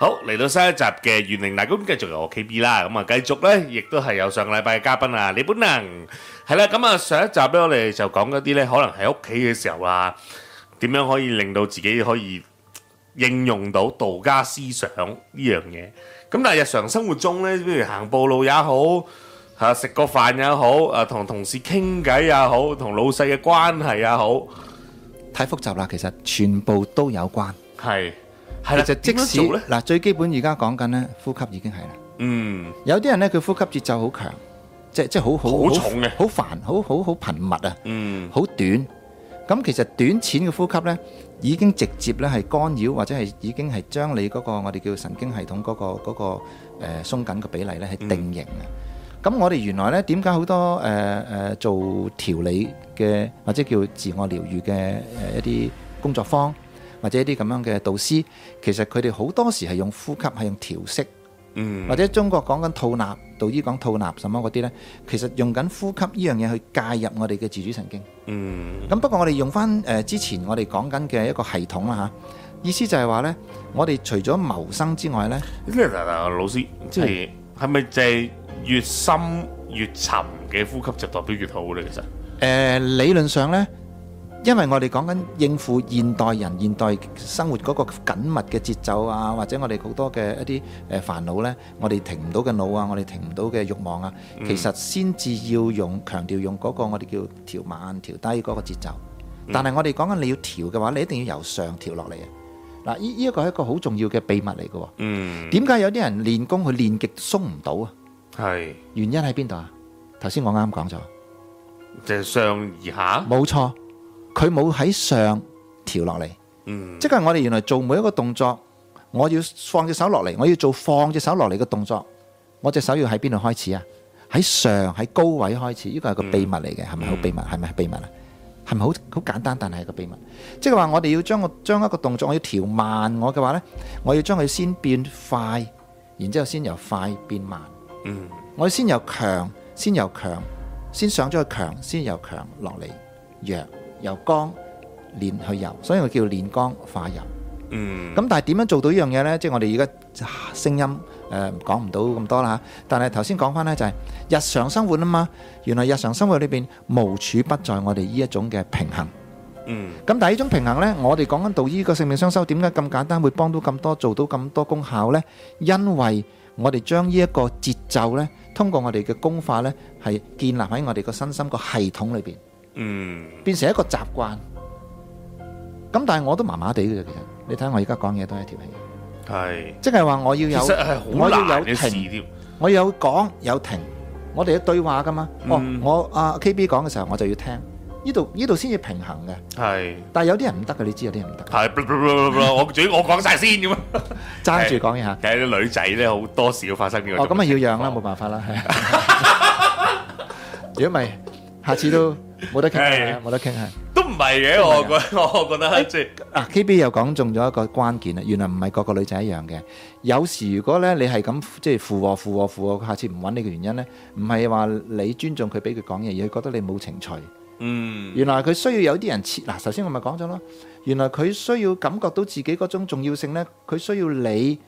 好，嚟到新一集嘅玄靈大觀，繼續由我 KB 啦。咁啊，繼續呢，亦都係有上個禮拜嘅嘉賓啊，李寶能係啦。咁啊，上一集呢，我哋就講一啲呢，可能喺屋企嘅時候啊，點樣可以令到自己可以應用到道家思想呢樣嘢。咁但係日常生活中呢，譬如行步路也好，吓，食個飯也好，啊同同事傾偈也好，同老細嘅關係也好，太複雜啦。其實全部都有關，係。係啦，即使嗱最基本而家講緊咧，呼吸已經係。啦，嗯，有啲人咧，佢呼吸節奏好強，即係即係好好好重嘅，好煩，好好好頻密啊。嗯，好短，咁其實短淺嘅呼吸咧，已經直接咧係干擾或者係已經係將你嗰個我哋叫神經系統嗰個嗰個誒鬆緊嘅比例咧係定型啊。咁我哋原來咧點解好多誒誒做調理嘅或者叫自我療愈嘅誒一啲工作坊，或者一啲咁樣嘅導師，其實佢哋好多時係用呼吸係用調息，嗯、或者中國講緊吐納，道醫講吐納什麼嗰啲咧，其實用緊呼吸呢樣嘢去介入我哋嘅自主神經。嗯。咁不過我哋用翻誒、呃、之前我哋講緊嘅一個系統啦嚇、啊，意思就係話咧，我哋除咗謀生之外咧，呢老師即係係咪就係越深越沉嘅呼吸就代表越好咧？其實、呃，誒理論上咧。因為我哋講緊應付現代人現代生活嗰個緊密嘅節奏啊，或者我哋好多嘅一啲誒煩惱呢，我哋停唔到嘅腦啊，我哋停唔到嘅慾望啊，其實先至要用強調用嗰個我哋叫調慢調低嗰個節奏。但係我哋講緊你要調嘅話，你一定要由上調落嚟啊！嗱，呢呢一個係一個好重要嘅秘密嚟嘅喎。嗯。點解有啲人練功佢練極鬆唔到啊？係。原因喺邊度啊？頭先我啱啱講咗，就係上而下。冇錯。佢冇喺上調落嚟，mm hmm. 即係我哋原來做每一個動作，我要放隻手落嚟，我要做放隻手落嚟嘅動作。我隻手要喺邊度開始啊？喺上喺高位開始，呢個係個秘密嚟嘅，係咪好秘密？係咪秘密啊？係咪好好簡單？但係一個秘密，即係話我哋要將個將一個動作，我要調慢我嘅話呢，我要將佢先變快，然之後先由快變慢。Mm hmm. 我要先由強先由強先上咗去強，先由強落嚟弱。由光練去油，所以我叫練光化油。嗯。咁但係點樣做到依樣嘢咧？即係我哋而家聲音誒講唔到咁多啦嚇。但係頭先講翻咧，就係日常生活啊嘛。原來日常生活裏邊無處不在我哋依一種嘅平衡。嗯。咁但係依種平衡咧，我哋講緊道醫個性命雙修，點解咁簡單會幫到咁多，做到咁多功效咧？因為我哋將依一個節奏咧，通過我哋嘅功法咧，係建立喺我哋個身心個系統裏邊。嗯，變成一個習慣，咁但係我都麻麻地嘅。其實你睇我而家講嘢都係一條氣，係，即係話我要有，我要有停，我有講有停，我哋要對話噶嘛。我阿 KB 講嘅時候我就要聽，呢度呢度先至平衡嘅。係，但係有啲人唔得嘅，你知道啲人唔得。我主我講晒先咁啊，爭住講一下。睇啲女仔咧，好多事要發生嘅。哦，咁啊要讓啦，冇辦法啦。如果唔係，下次都。冇得傾係，冇得傾係，都唔係嘅。我覺，我我覺得即係啊，K B 又講中咗一個關鍵啊。原來唔係個個女仔一樣嘅。有時如果咧你係咁即係附和附和附和，下次唔揾你嘅原因咧，唔係話你尊重佢俾佢講嘢，而係覺得你冇情趣。嗯，原來佢需要有啲人設。嗱，首先我咪講咗咯。原來佢需要感覺到自己嗰種重要性咧，佢需要你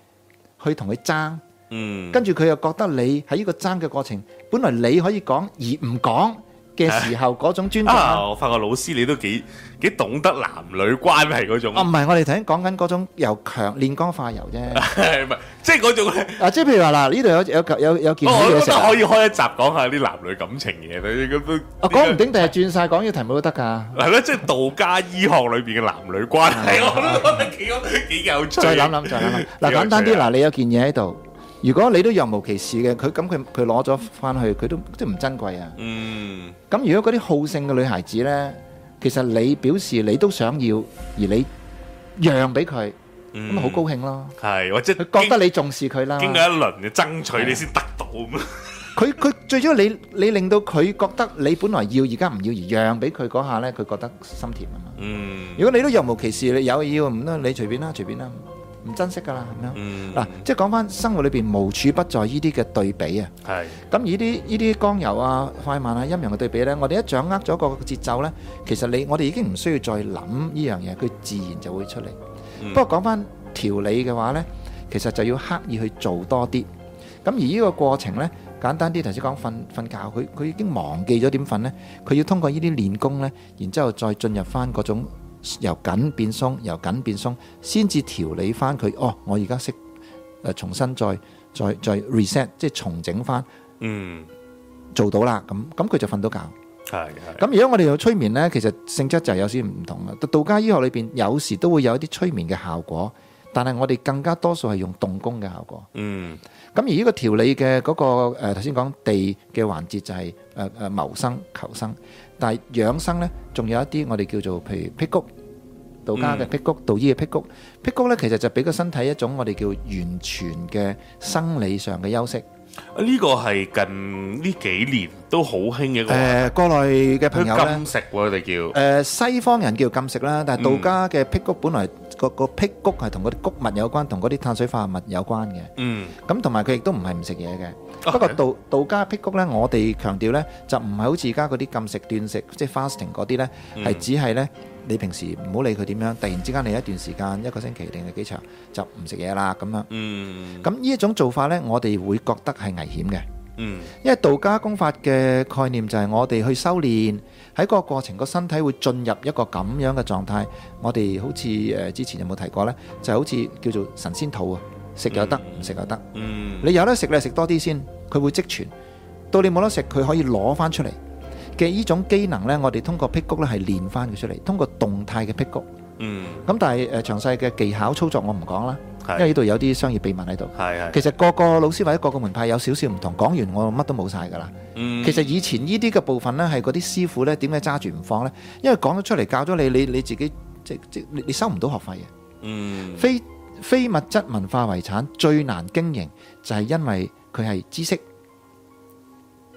去同佢爭。嗯，跟住佢又覺得你喺呢個爭嘅過程，本來你可以講而唔講嘅時候嗰種尊重啊！我發覺老師你都幾幾懂得男女關係嗰種啊！唔係，我哋頭先講緊嗰種由強煉鋼化柔啫，係唔係？即係嗰種咧啊！即係譬如話嗱，呢度有有有有件嘢，我覺得可以開一集講下啲男女感情嘢，你咁都啊，講唔定第日轉曬講呢題目都得㗎。嗱咧，即係道家醫學裏邊嘅男女關係，我都覺得幾好幾有趣。再諗諗，再諗諗。嗱簡單啲，嗱你有件嘢喺度，如果你都若無其事嘅，佢咁佢佢攞咗翻去，佢都即係唔珍貴啊。嗯。咁如果嗰啲好勝嘅女孩子呢，其實你表示你都想要，而你讓俾佢，咁好高興咯。係，或者佢覺得你重視佢啦。經過一輪嘅爭取，你先得到咁啊。佢佢最主要你你令到佢覺得你本來要而家唔要而讓俾佢嗰下呢，佢覺得心甜啊嘛。嗯。如果你都若無其事，你有要唔呢？你隨便啦，隨便啦。唔珍惜噶啦。咁樣嗱，即係講翻生活裏邊無處不在依啲嘅對比啊。係。咁而啲依啲光柔啊、快慢啊、陰陽嘅對比咧，我哋一掌握咗個節奏咧，其實你我哋已經唔需要再諗依樣嘢，佢自然就會出嚟。不過講翻調理嘅話咧，其實就要刻意去做多啲。咁而依個過程咧，簡單啲頭先講瞓瞓覺，佢佢已經忘記咗點瞓咧，佢要通過依啲練功咧，然之後再進入翻嗰種。由緊變鬆，由緊變鬆，先至調理翻佢。哦，我而家識誒，重新再再再 reset，即係重整翻，嗯，做到啦。咁咁佢就瞓到覺。係係。咁如果我哋用催眠呢，其實性質就係有少少唔同啦。道家醫學裏邊有時都會有一啲催眠嘅效果，但係我哋更加多數係用動功嘅效果。嗯、那個。咁而呢個調理嘅嗰個誒，頭先講地嘅環節就係誒誒謀生求生。但係養生呢，仲有一啲我哋叫做，譬如辟穀，道家嘅辟穀，道醫嘅辟穀，辟穀呢，其實就俾個身體一種我哋叫完全嘅生理上嘅休息。呢個係近呢幾年都好興嘅一個。誒，國內嘅朋友咧，禁食喎，我哋叫。誒，西方人叫禁食啦，但係道家嘅辟穀，本來個個辟穀係同嗰啲穀物有關，同嗰啲碳水化合物有關嘅。嗯。咁同埋佢亦都唔係唔食嘢嘅，不過道道家辟穀咧，我哋強調咧，就唔係好似而家嗰啲禁食斷食，即係 fasting 嗰啲咧，係只係咧。你平時唔好理佢點樣，突然之間你一段時間一個星期定係幾長就唔食嘢啦咁樣。嗯，咁呢一種做法呢，我哋會覺得係危險嘅。嗯，因為道家功法嘅概念就係我哋去修練喺個過程個身體會進入一個咁樣嘅狀態。我哋好似誒之前有冇提過呢？就係好似叫做神仙肚啊，食又得，唔食又得。嗯，你有得食你食多啲先，佢會積存。到你冇得食，佢可以攞翻出嚟。嘅依種機能呢，我哋通過辟穀呢係練翻佢出嚟，通過動態嘅辟穀。嗯。咁但係誒詳細嘅技巧操作我唔講啦，是因為呢度有啲商業秘密喺度。其實個個老師或者個個門派有少少唔同，講完我乜都冇晒㗎啦。嗯、其實以前呢啲嘅部分呢，係嗰啲師傅呢點解揸住唔放呢？因為講咗出嚟教咗你，你你自己即即你，你收唔到學費嘅。嗯。非非物質文化遺產最難經營，就係、是、因為佢係知識。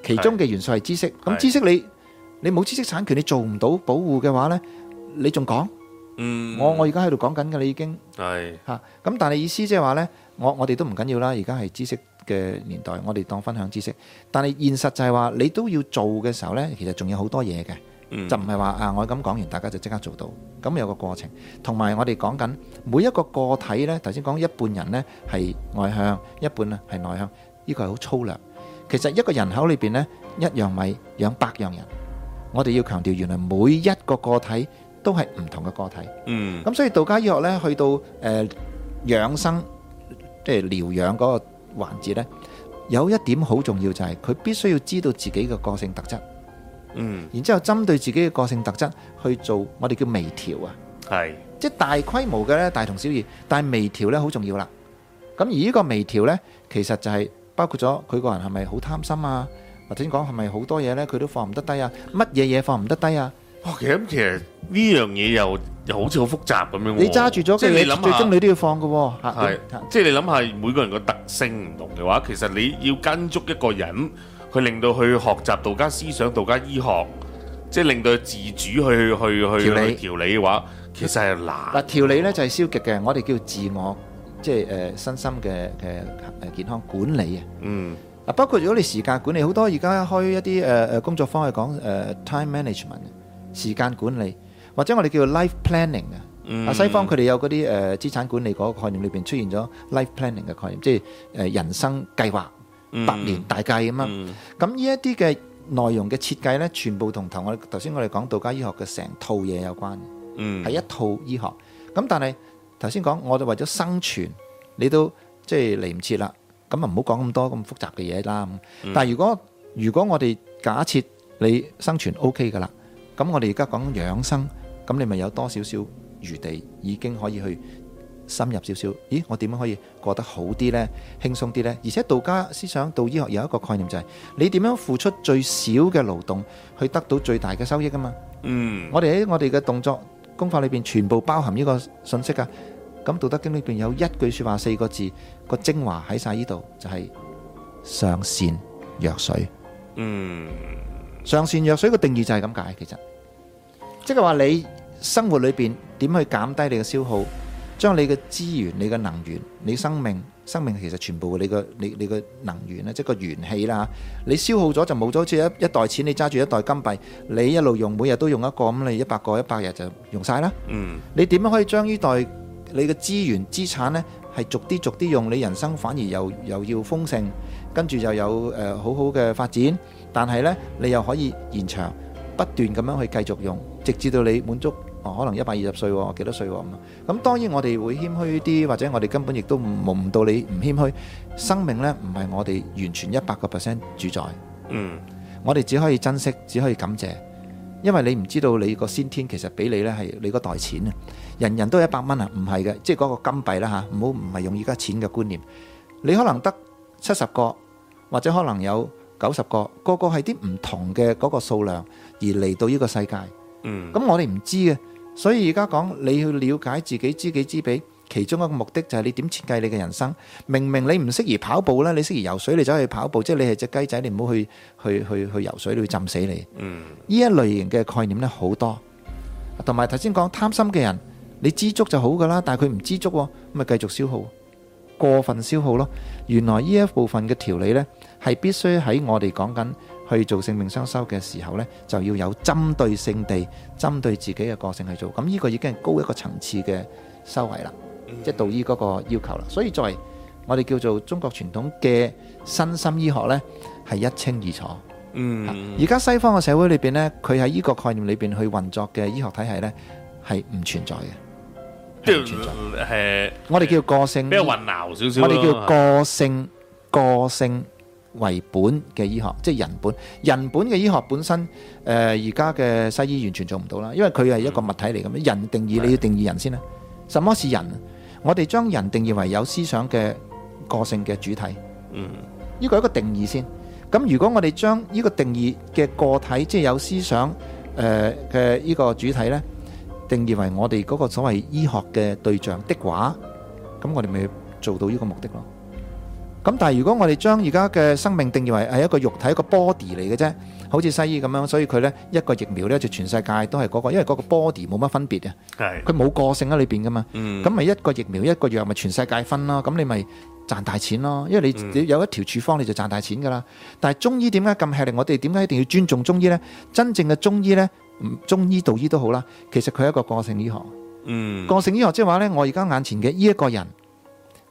其中嘅元素係知識，咁知識你你冇知識產權，你做唔到保護嘅話呢，你仲講？嗯，我我而家喺度講緊嘅，你已經係嚇。咁但係意思即係話呢，我我哋都唔緊要啦。而家係知識嘅年代，我哋當分享知識。但係現實就係話，你都要做嘅時候呢，其實仲有好多嘢嘅，就唔係話啊，我咁講完，大家就即刻做到。咁有個過程。同埋我哋講緊每一個個體呢，頭先講一半人呢係外向，一半啊係內向，呢個係好粗略。其實一個人口裏邊呢，一樣米養百樣人。我哋要強調，原來每一個個體都係唔同嘅個體。嗯。咁所以道家醫學呢，去到誒養生即係療養嗰個環節呢，有一點好重要就係佢必須要知道自己嘅個性特質。嗯。然之後針對自己嘅個性特質去做，我哋叫微調啊。係。即係大規模嘅呢，大同小異。但係微調呢，好重要啦。咁而呢個微調呢，其實就係。包括咗佢個人係咪好貪心啊？或者講係咪好多嘢呢佢都放唔得低啊？乜嘢嘢放唔得低啊？哇！其實呢樣嘢又又好似好複雜咁樣。你揸住咗，即係你最終你都要放嘅喎。係，即係你諗下每個人嘅特性唔同嘅話，其實你要跟足一個人，去令到佢學習道家思想、道家醫學，即係令到佢自主去去去調理嘅話，其實係難。嗱，調理呢就係消極嘅，我哋叫自我。即係誒，身心嘅嘅誒健康管理啊。嗯。嗱，包括如果你時間管理好多，而家開一啲誒誒工作坊去講誒 time management，時間管理或者我哋叫做 life planning 啊、嗯。啊，西方佢哋有嗰啲誒資產管理嗰個概念裏邊出現咗 life planning 嘅概念，即係誒人生計劃、嗯、百年大計咁啦。咁、嗯、呢一啲嘅內容嘅設計咧，全部同頭我頭先我哋講道家醫學嘅成套嘢有關。嗯。係一套醫學，咁但係。頭先講，我哋為咗生存，你都即係嚟唔切啦。咁啊，唔好講咁多咁複雜嘅嘢啦。但係如果如果我哋假設你生存 OK 噶啦，咁我哋而家講養生，咁你咪有多少少餘地，已經可以去深入少少？咦，我點樣可以過得好啲呢？輕鬆啲呢？而且道家思想、道醫學有一個概念就係，你點樣付出最少嘅勞動，去得到最大嘅收益啊嘛。嗯，我哋喺我哋嘅動作功法裏邊，全部包含呢個信息噶。咁《道德經》裏邊有一句說話，四個字，個精華喺晒呢度，就係上善若水。嗯，上善若水個定義就係咁解，其實即係話你生活裏邊點去減低你嘅消耗，將你嘅資源、你嘅能源、你生命、生命其實全部嘅你個你你個能源呢，即係個元氣啦。你消耗咗就冇咗，好似一一袋錢，你揸住一袋金幣，你一路用，每日都用一個咁，你一百個、一百日就用晒啦。嗯，你點樣可以將呢袋？你嘅資源資產咧係逐啲逐啲用，你人生反而又又要豐盛，跟住又有誒好好嘅發展。但係咧，你又可以延長不斷咁樣去繼續用，直至到你滿足哦，可能一百二十歲喎，幾多歲喎咁。咁當然我哋會謙虛啲，或者我哋根本亦都冇唔到你唔謙虛。生命咧唔係我哋完全一百個 percent 主宰。嗯，我哋只可以珍惜，只可以感謝，因為你唔知道你個先天其實俾你咧係你個袋錢啊。人人都有一百蚊啊，唔係嘅，即係嗰個金幣啦吓，唔好唔係用而家錢嘅觀念。你可能得七十個，或者可能有九十個，個個係啲唔同嘅嗰個數量而嚟到呢個世界。嗯，咁我哋唔知嘅，所以而家講你要了解自己知己知彼，其中一個目的就係你點設計你嘅人生。明明你唔適宜跑步呢，你適宜游水，你走去跑步，即係你係隻雞仔，你唔好去去去去游水，你會浸死你。嗯，呢一類型嘅概念呢好多，同埋頭先講貪心嘅人。你知足就好噶啦，但係佢唔知足，咁咪繼續消耗，過分消耗咯。原來依一部分嘅調理咧，係必須喺我哋講緊去做性命雙修嘅時候咧，就要有針對性地針對自己嘅個性去做。咁依個已經係高一個層次嘅修為啦，即係道醫嗰個要求啦。所以作為我哋叫做中國傳統嘅身心醫學咧，係一清二楚。嗯，而家西方嘅社會裏邊咧，佢喺依個概念裏邊去運作嘅醫學體系咧，係唔存在嘅。即係，存在嗯、我哋叫個性，比較混淆少少？我哋叫個性、是個性為本嘅醫學，即、就、係、是、人本。人本嘅醫學本身，誒、呃，而家嘅西醫完全做唔到啦，因為佢係一個物體嚟嘅、嗯、人定義，你要定義人先啦。是什麼是人？我哋將人定義為有思想嘅個性嘅主體。嗯，呢個係一個定義先。咁如果我哋將呢個定義嘅個體，即、就、係、是、有思想，誒嘅呢個主體呢。定義為我哋嗰個所謂醫學嘅對象的話，咁我哋咪做到呢個目的咯。咁但係如果我哋將而家嘅生命定義為係一個肉體一個 body 嚟嘅啫，好似西醫咁樣，所以佢呢一個疫苗呢，就全世界都係嗰個，因為嗰個 body 冇乜分別啊。佢冇個性喺裏邊噶嘛。嗯，咁咪一個疫苗一個藥咪全世界分咯，咁你咪賺大錢咯。因為你有一條處方你就賺大錢噶啦。嗯、但係中醫點解咁吃力？我哋點解一定要尊重中醫呢？真正嘅中醫呢？中醫道醫都好啦，其實佢係一個個性醫學，嗯，個性醫學即係話呢，我而家眼前嘅呢一個人，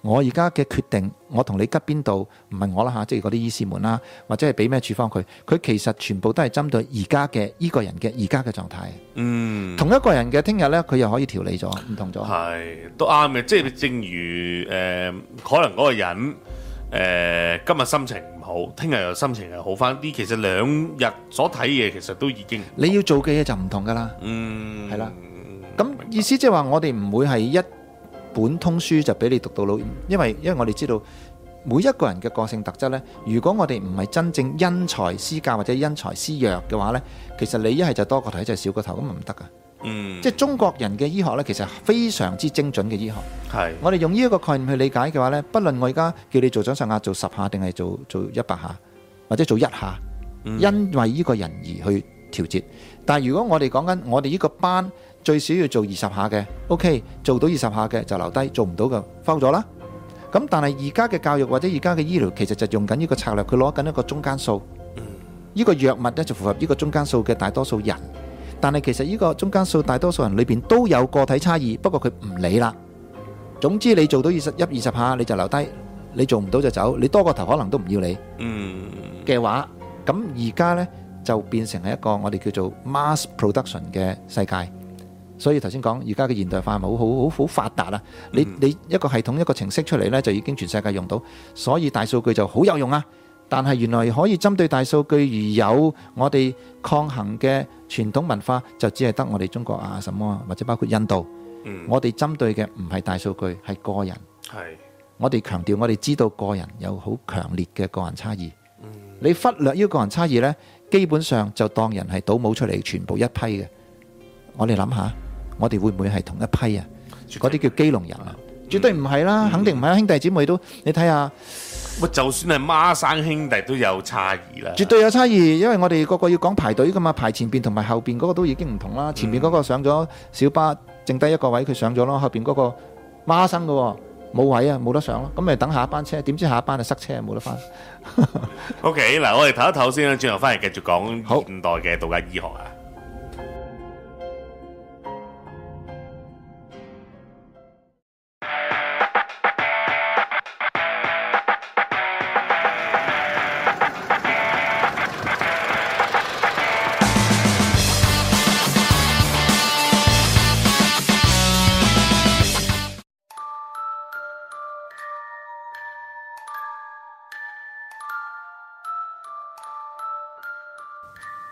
我而家嘅決定，我同你吉邊度唔係我啦吓，即係嗰啲醫師們啦，或者係俾咩處方佢，佢其實全部都係針對而家嘅呢個人嘅而家嘅狀態，狀態，嗯，同一個人嘅聽日呢，佢又可以調理咗，唔同咗，係都啱嘅，即係正如誒、呃，可能嗰個人誒、呃、今日心情。聽日又心情又好翻啲，其實兩日所睇嘢其實都已經你要做嘅嘢就唔同噶啦。嗯，係啦，咁意思即係話我哋唔會係一本通書就俾你讀到老，因為因為我哋知道每一個人嘅個性特質呢，如果我哋唔係真正因材施教或者因材施藥嘅話呢，其實你一係就多個頭，一就少個頭，咁咪唔得噶。嗯，即係中國人嘅醫學呢，其實非常之精準嘅醫學。係，我哋用呢一個概念去理解嘅話呢，不論我而家叫你做掌上壓做十下，定係做做一百下，或者做一下，因為呢個人而去調節。嗯、但係如果我哋講緊我哋呢個班最少要做二十下嘅，OK，做到二十下嘅就留低，做唔到嘅拋咗啦。咁但係而家嘅教育或者而家嘅醫療，其實就用緊呢個策略，佢攞緊一個中間數，嗯、呢個藥物呢，就符合呢個中間數嘅大多數人。但係其實呢個中間數，大多數人裏邊都有個體差異，不過佢唔理啦。總之你做到二十一二十下你就留低，你做唔到就走，你多個頭可能都唔要你，嗯嘅話，咁而家呢就變成係一個我哋叫做 mass production 嘅世界。所以頭先講而家嘅現代化係咪好好好發達啊！你你一個系統一個程式出嚟呢就已經全世界用到，所以大數據就好有用啊！但係原來可以針對大數據，而有我哋抗衡嘅。傳統文化就只係得我哋中國啊，什麼或者包括印度，我哋針對嘅唔係大數據，係個人。係，我哋強調我哋知道個人有好強烈嘅個人差異。你忽略呢個人差異咧，基本上就當人係倒模出嚟，全部一批嘅。我哋諗下，我哋會唔會係同一批啊？嗰啲叫基隆人啊！絕對唔係啦，肯定唔係啦，兄弟姊妹都，你睇下。乜就算係孖生兄弟都有差異啦。絕對有差異，因為我哋個個要講排隊噶嘛，排前邊同埋後邊嗰個都已經唔同啦。前邊嗰個上咗小巴，剩低一個位佢上咗咯，後邊嗰個孖生嘅喎，冇位啊，冇得上咯，咁咪等下一班車。點知下一班就塞車，冇得翻。O K，嗱，我哋唞一唞先啦，轉頭翻嚟繼續講好，現代嘅道家醫學啊。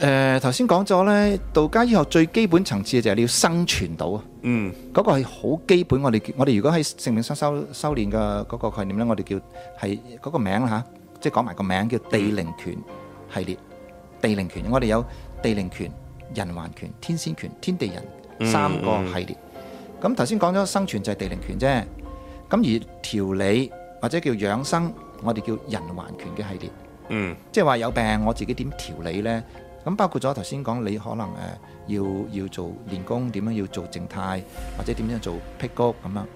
誒，頭先講咗咧，道家醫學最基本層次就係你要生存到啊。嗯，嗰個係好基本。我哋我哋如果喺性命修修修煉嘅嗰個概念咧，我哋叫係嗰個名吓，即係講埋個名叫地靈拳系列。地靈拳，我哋有地靈拳、人環拳、天仙拳、天地人三個系列。咁頭先講咗生存就係地靈拳啫。咁而調理或者叫養生，我哋叫人環拳嘅系列。嗯，即係話有病我自己點調理咧？咁包括咗頭先講，你可能誒要要做練功，點樣要做靜態，或者點樣做辟穀咁啦。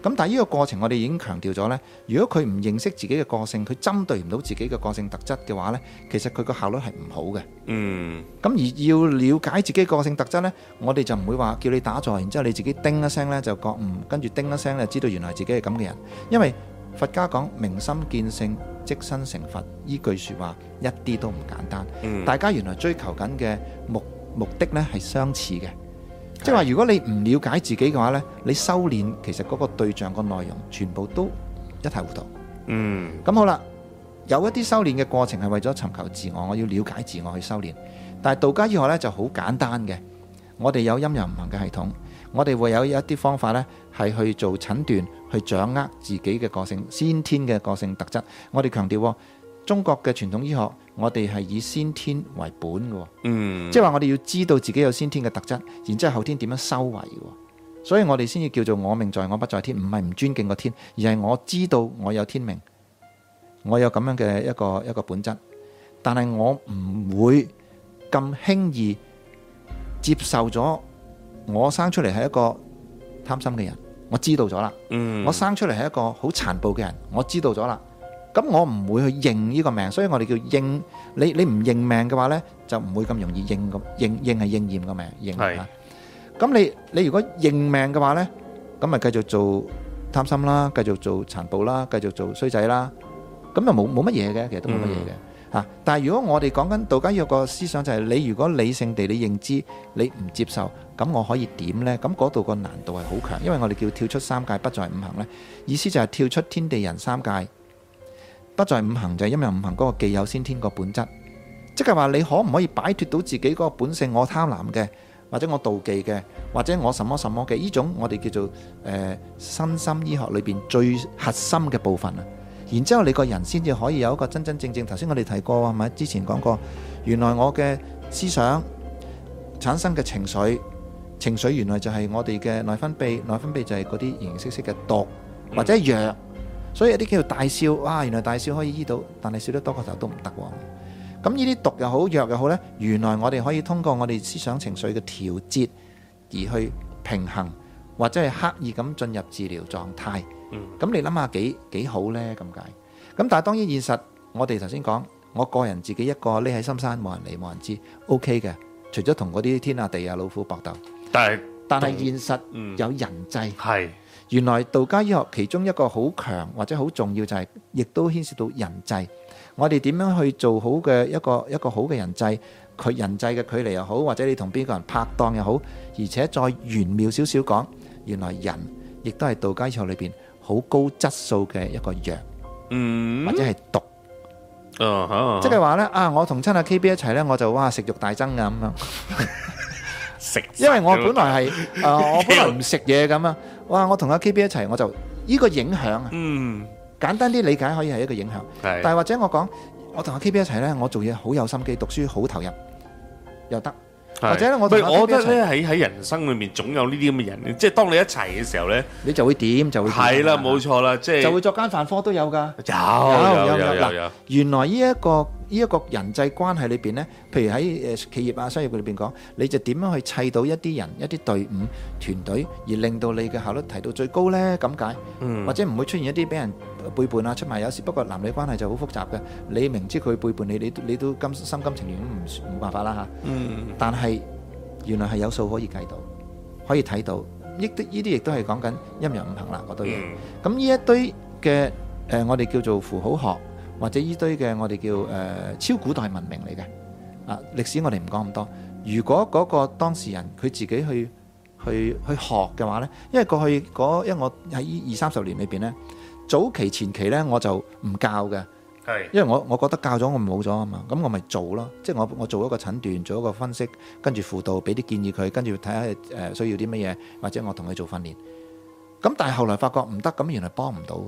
咁但係依個過程，我哋已經強調咗咧。如果佢唔認識自己嘅個性，佢針對唔到自己嘅個性特質嘅話咧，其實佢個效率係唔好嘅。嗯。咁而要了解自己個性特質咧，我哋就唔會話叫你打坐，然之後你自己叮一聲咧就覺悟，跟住叮一聲咧知道原來自己係咁嘅人，因為。佛家講明心見性，即身成佛，依句説話一啲都唔簡單。嗯、大家原來追求緊嘅目目的咧係相似嘅，是即係話如果你唔了解自己嘅話呢，你修練其實嗰個對象、個內容全部都一塌糊塗。嗯，咁好啦，有一啲修練嘅過程係為咗尋求自我，我要了解自我去修練。但係道家醫學呢就好簡單嘅，我哋有陰陽五行嘅系統，我哋會有一啲方法呢係去做診斷。去掌握自己嘅個性，先天嘅個性特質。我哋強調，中國嘅傳統醫學，我哋係以先天為本嘅，mm. 即係話我哋要知道自己有先天嘅特質，然之後後天點樣修為。所以我哋先至叫做我命在我，不在天。唔係唔尊敬個天，而係我知道我有天命，我有咁樣嘅一個一個本質，但係我唔會咁輕易接受咗我生出嚟係一個貪心嘅人。我知道咗啦，我生出嚟係一個好殘暴嘅人，我知道咗啦，咁我唔會去認呢個命，所以我哋叫認。你你唔認命嘅話咧，就唔會咁容易認咁認認係認驗個命，認啊。咁你你如果認命嘅話咧，咁咪繼續做貪心啦，繼續做殘暴啦，繼續做衰仔啦，咁又冇冇乜嘢嘅，其實都冇乜嘢嘅啊。但係如果我哋講緊道家有個思想就係，你如果理性地你認知你唔接受。咁我可以點呢？咁嗰度個難度係好強，因為我哋叫跳出三界不在五行咧，意思就係跳出天地人三界，不在五行就係因為五行嗰個既有先天個本質，即係話你可唔可以擺脫到自己嗰個本性？我貪婪嘅，或者我妒忌嘅，或者我什麼什麼嘅呢種，我哋叫做誒、呃、身心醫學裏邊最核心嘅部分啊。然之後你個人先至可以有一個真真正正，頭先我哋提過係咪？之前講過，原來我嘅思想產生嘅情緒。情緒原來就係我哋嘅內分泌，內分泌就係嗰啲形形色色嘅毒或者藥，所以有啲叫大笑，哇！原來大笑可以醫到，但係笑得多個頭都唔得喎。咁呢啲毒又好，藥又好呢，原來我哋可以通過我哋思想情緒嘅調節而去平衡，或者係刻意咁進入治療狀態。咁你諗下幾幾好呢咁解？咁但係當然現實，我哋頭先講，我個人自己一個匿喺深山，冇人嚟，冇人知，OK 嘅。除咗同嗰啲天啊地啊老虎搏鬥。但係但係現實有人際係，嗯、原來道家醫學其中一個好強或者好重要就係、是，亦都牽涉到人際。我哋點樣去做好嘅一個一個好嘅人際？佢人際嘅距離又好，或者你同邊個人拍檔又好，而且再玄妙少少講，原來人亦都係道家醫學裏邊好高質素嘅一個藥，嗯、或者係毒。即係話呢，哦哦、啊，我同親阿 K B 一齊呢，我就哇食慾大增噶咁樣。 食，因為我本來係，誒，我本來唔食嘢咁啊，哇！我同阿 KB 一齊，我就呢個影響啊，簡單啲理解可以係一個影響。但係或者我講，我同阿 KB 一齊呢，我做嘢好有心機，讀書好投入又得，或者呢我，我覺得呢喺喺人生裏面總有呢啲咁嘅人，即係當你一齊嘅時候呢，你就會點就會，係啦，冇錯啦，即係就會作奸犯科都有㗎，有有有有，原來呢一個。呢一個人際關係裏邊咧，譬如喺誒企業啊、商業裏邊講，你就點樣去砌到一啲人、一啲隊伍、團隊，而令到你嘅效率提到最高咧？咁解，或者唔會出現一啲俾人背叛啊、出賣有時。不過男女關係就好複雜嘅，你明知佢背叛你，你你都心心甘情願唔冇辦法啦嚇。嗯，但係原來係有數可以計到，可以睇到。呢啲呢啲亦都係講緊陰陽五行啦嗰堆嘢。咁呢一堆嘅誒，我哋叫做符號學。或者依堆嘅我哋叫誒、呃、超古代文明嚟嘅啊，歷史我哋唔講咁多。如果嗰個當事人佢自己去去去學嘅話呢，因為過去嗰，因為我喺二三十年裏邊呢，早期前期呢，我就唔教嘅，是因為我我覺得教咗我冇咗啊嘛，咁我咪做咯，即係我我做一個診斷，做一個分析，跟住輔導，俾啲建議佢，跟住睇下誒需要啲乜嘢，或者我同佢做訓練。咁但係後來發覺唔得，咁原來幫唔到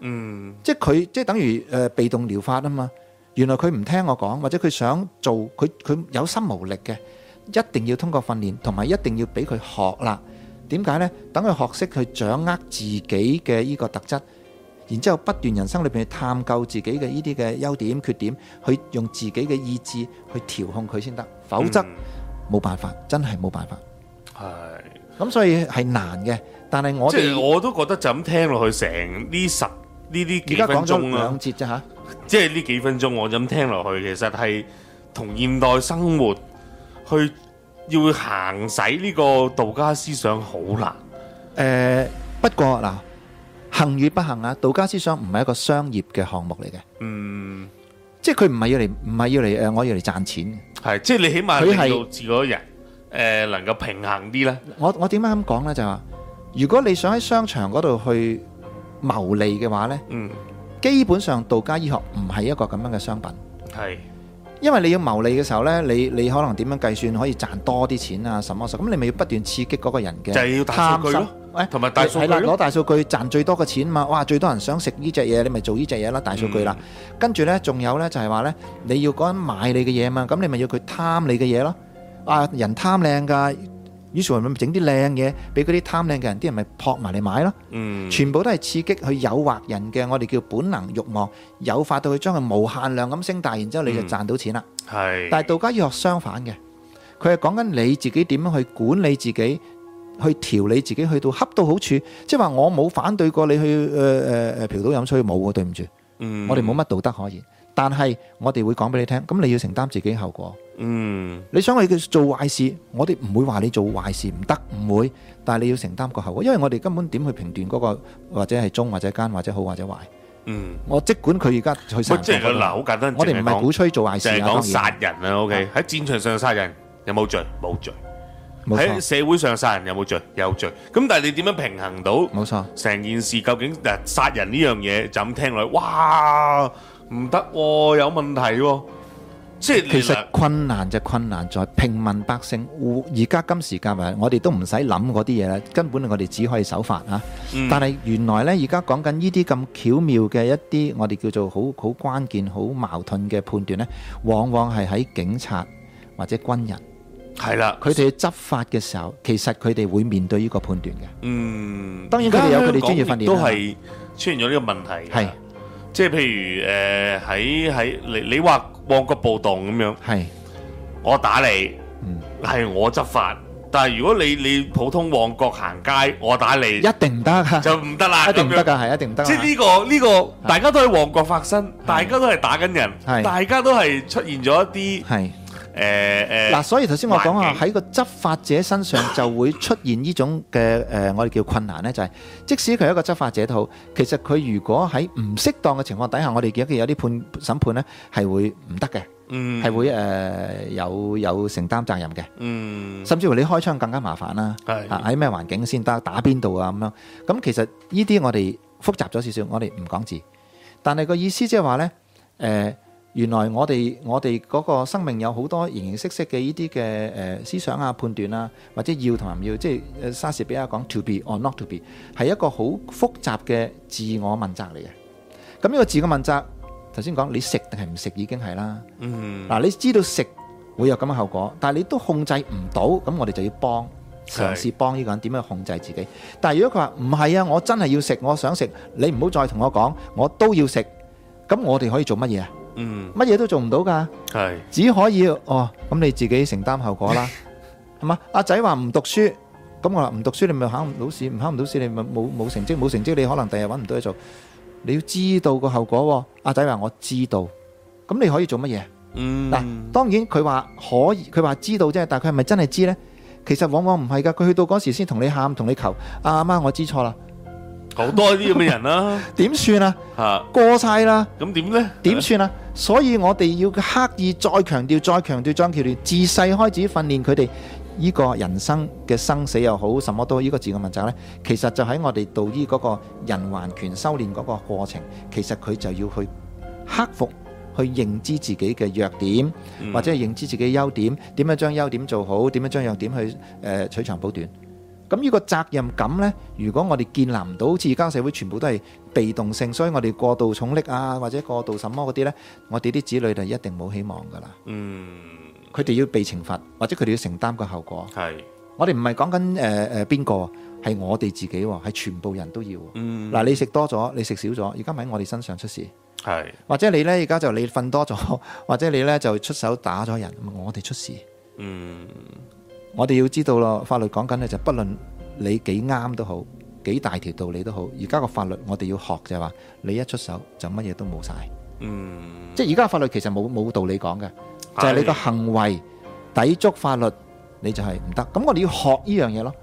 嗯，即係佢即係等於誒被動療法啊嘛，原來佢唔聽我講，或者佢想做，佢佢有心無力嘅，一定要通過訓練，同埋一定要俾佢學啦。點解呢？等佢學識去掌握自己嘅呢個特質，然之後不斷人生裏邊去探究自己嘅呢啲嘅優點缺點，去用自己嘅意志去調控佢先得，否則冇辦法，真係冇辦法。係，咁所以係難嘅，但係我即係我都覺得就咁聽落去，成呢十。呢啲幾分鐘啦，即係呢幾分鐘，我咁聽落去，其實係同現代生活去要行使呢個道家思想好難。誒，不過嗱，行與不行啊，道家思想唔係一個商業嘅項目嚟嘅。嗯，即係佢唔係要嚟，唔係要嚟誒，我要嚟賺錢。係，即係你起碼佢係治嗰人，誒，能夠平衡啲咧。我我點解咁講咧？就話如果你想喺商場嗰度去。牟利嘅話呢，嗯，基本上道家醫學唔係一個咁樣嘅商品，係是，因為你要牟利嘅時候呢，你你可能點樣計算可以賺多啲錢啊？什麼什，咁你咪要不斷刺激嗰個人嘅，就係要大數據咯，同埋大數據，攞、啊、大數據賺最多嘅錢嘛，哇！最多人想食呢隻嘢，你咪做呢隻嘢啦，大數據啦。嗯、跟住呢，仲有呢，就係話呢，你要人買你嘅嘢嘛，咁你咪要佢貪你嘅嘢咯。啊，人貪靚㗎。於是咪整啲靚嘢俾嗰啲貪靚嘅人，啲人咪撲埋嚟買咯，嗯、全部都係刺激去誘惑人嘅，我哋叫本能欲望，誘發到去將佢無限量咁升大，然之後你就賺到錢啦。嗯、但係道家醫學相反嘅，佢係講緊你自己點樣去管理自己，去調理自己去到恰到好處，即係話我冇反對過你去誒誒、呃呃、嫖賭飲吹冇喎，對唔住，嗯、我哋冇乜道德可言。但係我哋會講俾你聽，咁你要承擔自己後果。嗯，你想為佢做壞事，我哋唔會話你做壞事唔得，唔會。但係你要承擔個後果，因為我哋根本點去評斷嗰個或者係忠或者奸或者好或者壞。嗯，我即管佢而家去殺人啦，好簡單。我哋唔係鼓吹做壞事，就係講殺人啦。OK，喺戰場上殺人有冇罪？冇罪。喺社會上殺人有冇罪？有罪。咁但係你點樣平衡到？冇錯。成件事究竟殺人呢樣嘢，就咁聽落，哇！唔得喎，有問題喎、哦，即係其實困難就困難在平民百姓。而家今時今日，我哋都唔使諗嗰啲嘢啦，根本我哋只可以守法啊。嗯、但係原來呢，而家講緊呢啲咁巧妙嘅一啲，我哋叫做好好關鍵、好矛盾嘅判斷呢，往往係喺警察或者軍人。係啦的，佢哋執法嘅時候，其實佢哋會面對呢個判斷嘅。嗯，當然佢哋有佢哋專業訓練。都係出現咗呢個問題、啊。係。即係譬如誒喺喺你你話旺角暴動咁樣，係是我打你，係、嗯、我執法。但係如果你你普通旺角行街，我打你一定唔得，就唔得啦，一定唔得噶，係一定唔得。即係呢個呢個大家都喺旺角發生，是大家都係打緊人，是大家都係出現咗一啲。誒誒，嗱、欸，欸、所以頭先我講啊，喺個執法者身上就會出現呢種嘅誒，我哋叫困難呢，就係即使佢係一個執法者都好，其實佢如果喺唔適當嘅情況底下，我哋見到有啲判審判呢係會唔得嘅，嗯，係會誒、呃、有有承擔責任嘅，嗯，甚至乎你開槍更加麻煩啦，係，喺咩環境先得打邊度啊咁樣，咁其實呢啲我哋複雜咗少少，我哋唔講字，但係個意思即係話呢。誒、呃。原來我哋我哋嗰個生命有好多形形色色嘅呢啲嘅誒思想啊、判斷啊，或者要同埋唔要，即係莎士比亞講 To be or not to be，係一個好複雜嘅自我問責嚟嘅。咁呢個自我問責頭先講你食定係唔食已經係啦。嗱、嗯啊，你知道食會有咁嘅後果，但係你都控制唔到，咁我哋就要幫嘗試幫呢個人點樣控制自己。是但係如果佢話唔係啊，我真係要食，我想食，你唔好再同我講，我都要食。咁我哋可以做乜嘢啊？嗯，乜嘢都做唔到噶，是只可以哦，咁你自己承擔後果啦，係嘛？ 阿仔話唔讀書，咁我話唔讀書你咪考唔到試，唔考唔到試你咪冇冇成績，冇成績你可能第日揾唔到嘢做，你要知道個後果、哦。阿仔話我知道，咁你可以做乜嘢？嗯，嗱、啊，當然佢話可以，佢話知道啫，但係佢係咪真係知呢？其實往往唔係噶，佢去到嗰時先同你喊，同你求，阿、啊、媽我知錯啦。好 多呢啲咁嘅人啦、啊，點算啊？吓、啊、過晒啦，咁點呢？點算啊？吧所以我哋要刻意再強調，再強調張橋段，自細開始訓練佢哋呢個人生嘅生死又好，什麼都好、呢、這個自我問責呢，其實就喺我哋道醫嗰個人還權修煉嗰個過程，其實佢就要去克服，去認知自己嘅弱點，嗯、或者係認知自己嘅優點，點樣將優點做好，點樣將弱點去誒、呃、取長補短。咁呢個責任感咧，如果我哋建立唔到，好似而家社會全部都係被動性，所以我哋過度寵溺啊，或者過度什麼嗰啲咧，我哋啲子女就一定冇希望噶啦。嗯，佢哋要被懲罰，或者佢哋要承擔個後果。係，我哋唔係講緊誒誒邊個，係我哋自己，係全部人都要。嗯，嗱，你食多咗，你食少咗，而家咪喺我哋身上出事。係，或者你咧，而家就你瞓多咗，或者你咧就出手打咗人，我哋出事。嗯。我哋要知道咯，法律講緊呢，就不論你幾啱都好，幾大條道理都好。而家個法律，我哋要學就係話，你一出手就乜嘢都冇晒。嗯，即係而家法律其實冇冇道理講嘅，哎、就係你個行為抵觸法律，你就係唔得。咁我哋要學呢樣嘢咯。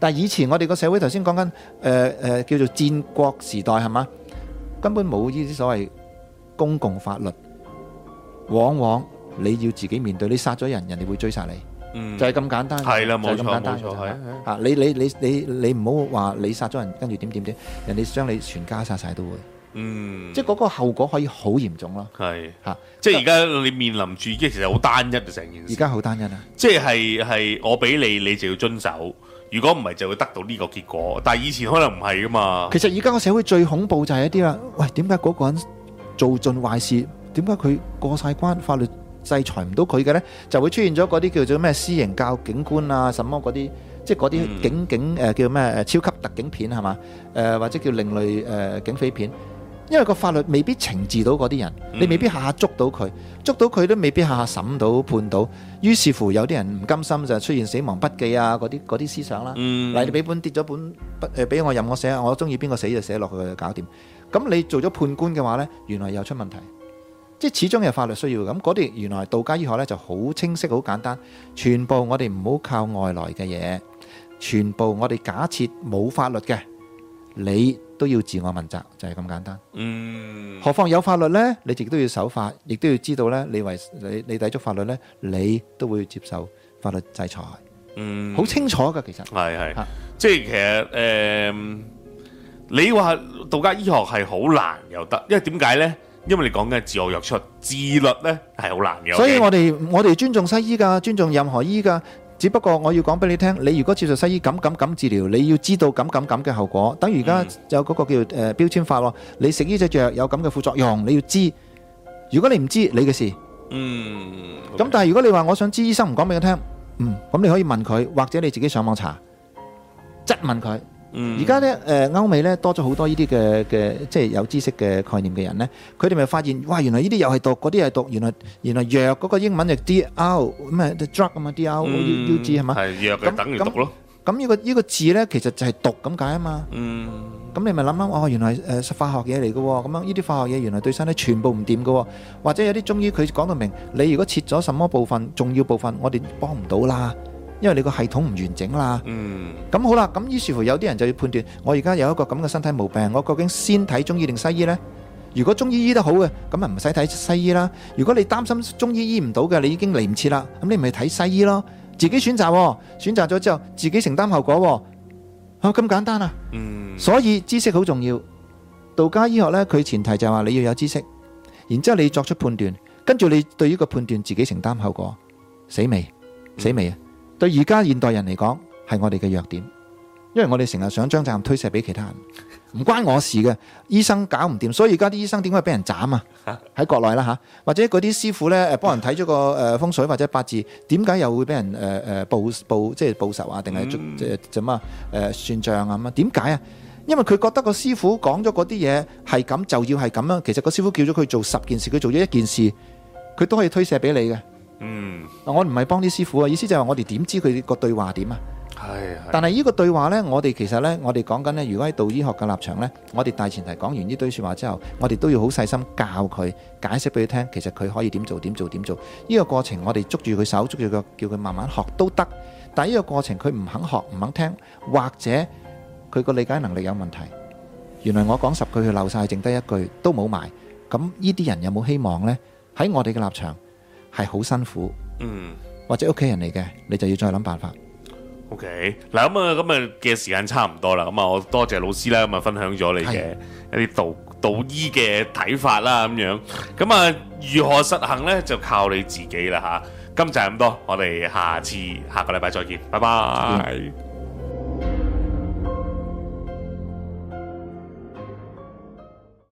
但係以前我哋個社會頭先講緊，誒、呃、誒、呃、叫做戰國時代係嘛，根本冇呢啲所謂公共法律，往往你要自己面對，你殺咗人，人哋會追殺你。嗯，就係咁簡單，係啦，冇錯，冇錯吓，你你你你你唔好話你殺咗人，跟住點點點，人哋將你全家殺晒都會。嗯，即係嗰個後果可以好嚴重咯。係，吓、啊，即係而家你面臨住嘅其實好單一成件事。而家好單一啊，即係係我俾你，你就要遵守。如果唔係，就會得到呢個結果。但係以前可能唔係噶嘛。其實而家個社會最恐怖就係一啲啦。喂，點解嗰個人做盡壞事，點解佢過晒關法律？制裁唔到佢嘅呢，就會出現咗嗰啲叫做咩私營教警官啊，什麼嗰啲，即係嗰啲警警誒、嗯呃、叫咩超級特警片係嘛？誒、呃、或者叫另類誒、呃、警匪片，因為個法律未必懲治到嗰啲人，你未必下下捉到佢，捉到佢都未必下下審到判到。於是乎有啲人唔甘心就出現死亡筆記啊嗰啲嗰啲思想啦。例、嗯、你俾本跌咗本，誒俾、呃、我任我寫，我中意邊個死就寫落去搞掂。咁你做咗判官嘅話呢，原來又出問題。即係始終有法律需要咁，嗰啲原來道家醫學咧就好清晰，好簡單，全部我哋唔好靠外來嘅嘢，全部我哋假設冇法律嘅，你都要自我問責，就係咁簡單。嗯，何況有法律咧，你亦都要守法，亦都要知道咧，你違你你抵觸法律咧，你都會接受法律制裁。嗯，好清楚噶，其實係係，即係其實誒，你話道家醫學係好難有得，因為點解咧？因為你講緊自我約束，自律呢係好難嘅。所以我哋我哋尊重西醫噶，尊重任何醫噶。只不過我要講俾你聽，你如果接受西醫，咁咁咁治療，你要知道咁咁咁嘅後果。等於而家有嗰個叫誒標籤法咯，你食呢隻藥有咁嘅副作用，你要知。如果你唔知，你嘅事。嗯。咁但係如果你話我想知醫生唔講俾我聽，嗯，咁你可以問佢，或者你自己上網查，質問佢。而家咧，誒、嗯呃、歐美咧多咗好多呢啲嘅嘅，即係有知識嘅概念嘅人咧，佢哋咪發現，哇！原來呢啲又係毒，嗰啲係毒，原來原來藥嗰個英文係 D R，咁啊，drug 咁啊，D R 要要字係嘛？藥等於毒咯。咁呢、呢個呢、呢個字咧，其實就係毒咁解啊嘛。咁、嗯、你咪諗啦，哦，原來誒、呃、化學嘢嚟嘅喎，咁樣呢啲化學嘢原來對身體全部唔掂嘅喎，或者有啲中醫佢講到明，你如果切咗什麼部分重要部分，我哋幫唔到啦。因為你個系統唔完整啦，咁、嗯、好啦，咁於是乎有啲人就要判斷，我而家有一個咁嘅身體毛病，我究竟先睇中醫定西醫呢？如果中醫醫得好嘅，咁啊唔使睇西醫啦。如果你擔心中醫醫唔到嘅，你已經嚟唔切啦，咁你咪睇西醫咯。自己選擇，哦，選擇咗之後自己承擔後果，哦，啊咁簡單啊，嗯、所以知識好重要。道家醫學呢，佢前提就係話你要有知識，然之後你作出判斷，跟住你對於個判斷自己承擔後果，死未，嗯、死未啊？對而家現代人嚟講，係我哋嘅弱點，因為我哋成日想將責任推卸俾其他人，唔關我事嘅。醫生搞唔掂，所以而家啲醫生點解俾人斬啊？喺國內啦吓、啊，或者嗰啲師傅咧，誒幫人睇咗個誒風水或者八字，點解又會俾人誒誒、呃呃、報報即係報仇啊？定係即係點啊？誒算賬啊？咁啊？點解啊？因為佢覺得個師傅講咗嗰啲嘢係咁，係就要係咁啦。其實個師傅叫咗佢做十件事，佢做咗一件事，佢都可以推卸俾你嘅。嗯，我唔係幫啲師傅啊，意思就係我哋點知佢個對話點啊？係，但係呢個對話呢，我哋其實呢，我哋講緊呢，如果喺道醫學嘅立場呢，我哋大前提講完呢堆說話之後，我哋都要好細心教佢解釋俾佢聽，其實佢可以點做，點做，點做。呢個過程我哋捉住佢手，捉住佢叫佢慢慢學都得。但係呢個過程佢唔肯學，唔肯聽，或者佢個理解能力有問題。原來我講十句，佢漏晒，剩低一句都冇埋。咁呢啲人有冇希望呢？喺我哋嘅立場。係好辛苦，嗯，或者屋企人嚟嘅，你就要再諗辦法。OK，嗱咁啊，今日嘅時間差唔多啦，咁啊，我多謝老師啦，咁啊，分享咗你嘅一啲道道醫嘅睇法啦，咁樣，咁啊，如何實行呢？就靠你自己啦吓、啊。今集係咁多，我哋下次下個禮拜再見，拜拜。嗯